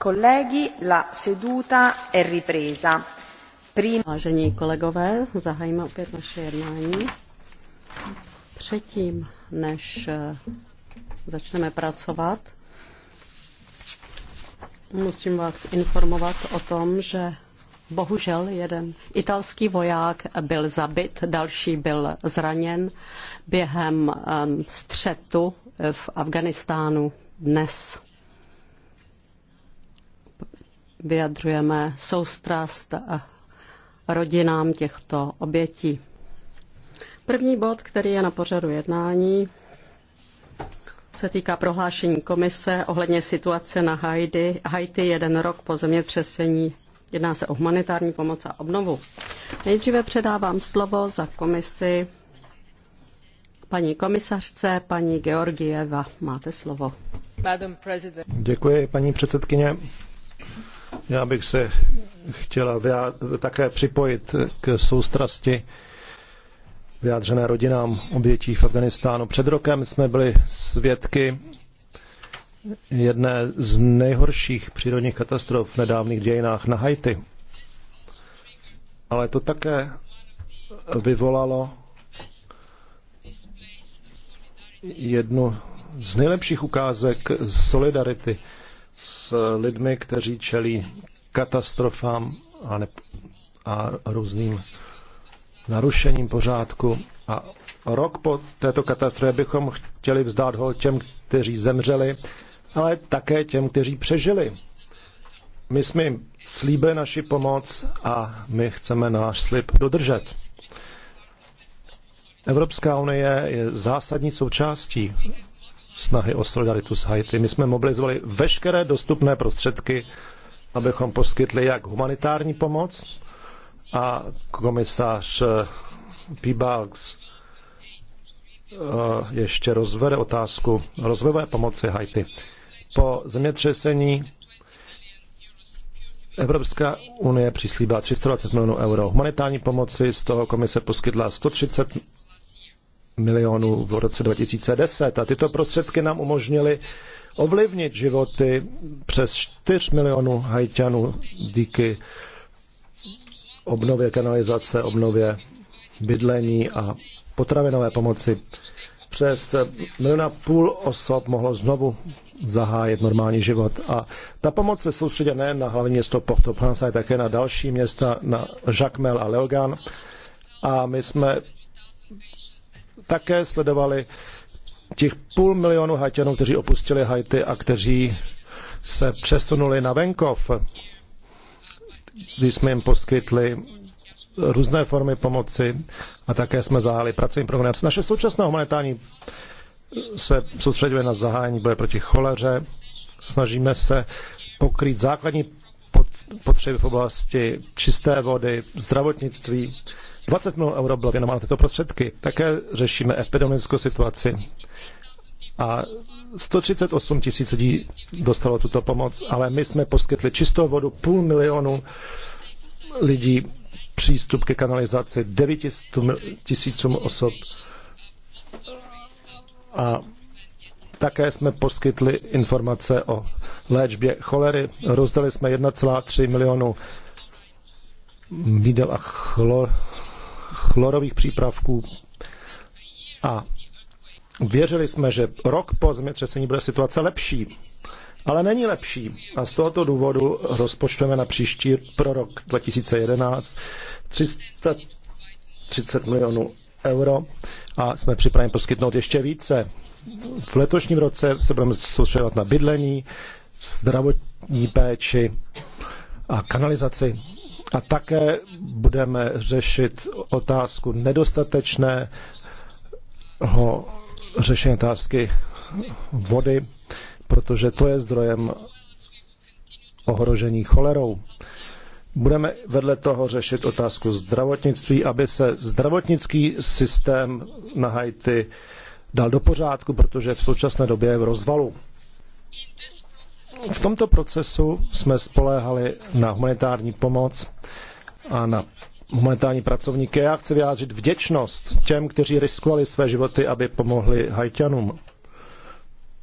Kolegi, la seduta è ripresa. Prima... Vážení kolegové, zahájíme opět naše jednání. Předtím, než eh, začneme pracovat, musím vás informovat o tom, že bohužel jeden italský voják byl zabit, další byl zraněn během eh, střetu v Afganistánu dnes vyjadřujeme soustrast rodinám těchto obětí. První bod, který je na pořadu jednání, se týká prohlášení komise ohledně situace na Haiti, Haiti jeden rok po zemětřesení. Jedná se o humanitární pomoc a obnovu. Nejdříve předávám slovo za komisi paní komisařce, paní Georgieva. Máte slovo. Děkuji, paní předsedkyně. Já bych se chtěla také připojit k soustrasti vyjádřené rodinám obětí v Afganistánu. Před rokem jsme byli svědky jedné z nejhorších přírodních katastrof v nedávných dějinách na Haiti. Ale to také vyvolalo jednu z nejlepších ukázek solidarity s lidmi, kteří čelí katastrofám a, ne, a různým narušením pořádku. A rok po této katastrofě bychom chtěli vzdát ho těm, kteří zemřeli, ale také těm, kteří přežili. My jsme jim slíbili naši pomoc a my chceme náš slib dodržet. Evropská unie je zásadní součástí snahy o solidaritu s Haiti. My jsme mobilizovali veškeré dostupné prostředky, abychom poskytli jak humanitární pomoc a komisář eh, Bugs eh, ještě rozvede otázku rozvojové pomoci Haiti. Po zemětřesení Evropská unie přislíbila 320 milionů euro. Humanitární pomoci z toho komise poskytla 130 milionů v roce 2010. A tyto prostředky nám umožnily ovlivnit životy přes 4 milionů hajťanů díky obnově kanalizace, obnově bydlení a potravinové pomoci. Přes miliona půl osob mohlo znovu zahájit normální život. A ta pomoc se soustředí nejen na hlavní město Port-au-Prince, ale také na další města, na Jacmel a Leogan. A my jsme také sledovali těch půl milionu Haitianů, kteří opustili Haiti a kteří se přesunuli na venkov, když jsme jim poskytli různé formy pomoci a také jsme zahájili pracovní program. Naše současné humanitární se soustředuje na zahájení boje proti choleře. Snažíme se pokrýt základní potřeby v oblasti čisté vody, zdravotnictví. 20 milionů euro bylo věnováno tyto prostředky. Také řešíme epidemickou situaci. A 138 tisíc lidí dostalo tuto pomoc, ale my jsme poskytli čistou vodu půl milionu lidí přístup ke kanalizaci 900 tisícům osob. A také jsme poskytli informace o léčbě cholery. Rozdali jsme 1,3 milionu mídel a chlor, chlorových přípravků a věřili jsme, že rok po zemětřesení bude situace lepší. Ale není lepší a z tohoto důvodu rozpočtujeme na příští pro rok 2011 330 milionů euro a jsme připraveni poskytnout ještě více. V letošním roce se budeme soustředovat na bydlení, zdravotní péči a kanalizaci. A také budeme řešit otázku nedostatečného řešení otázky vody, protože to je zdrojem ohrožení cholerou. Budeme vedle toho řešit otázku zdravotnictví, aby se zdravotnický systém na Haiti dal do pořádku, protože v současné době je v rozvalu. V tomto procesu jsme spolehali na humanitární pomoc a na humanitární pracovníky. Já chci vyjádřit vděčnost těm, kteří riskovali své životy, aby pomohli Haitianům.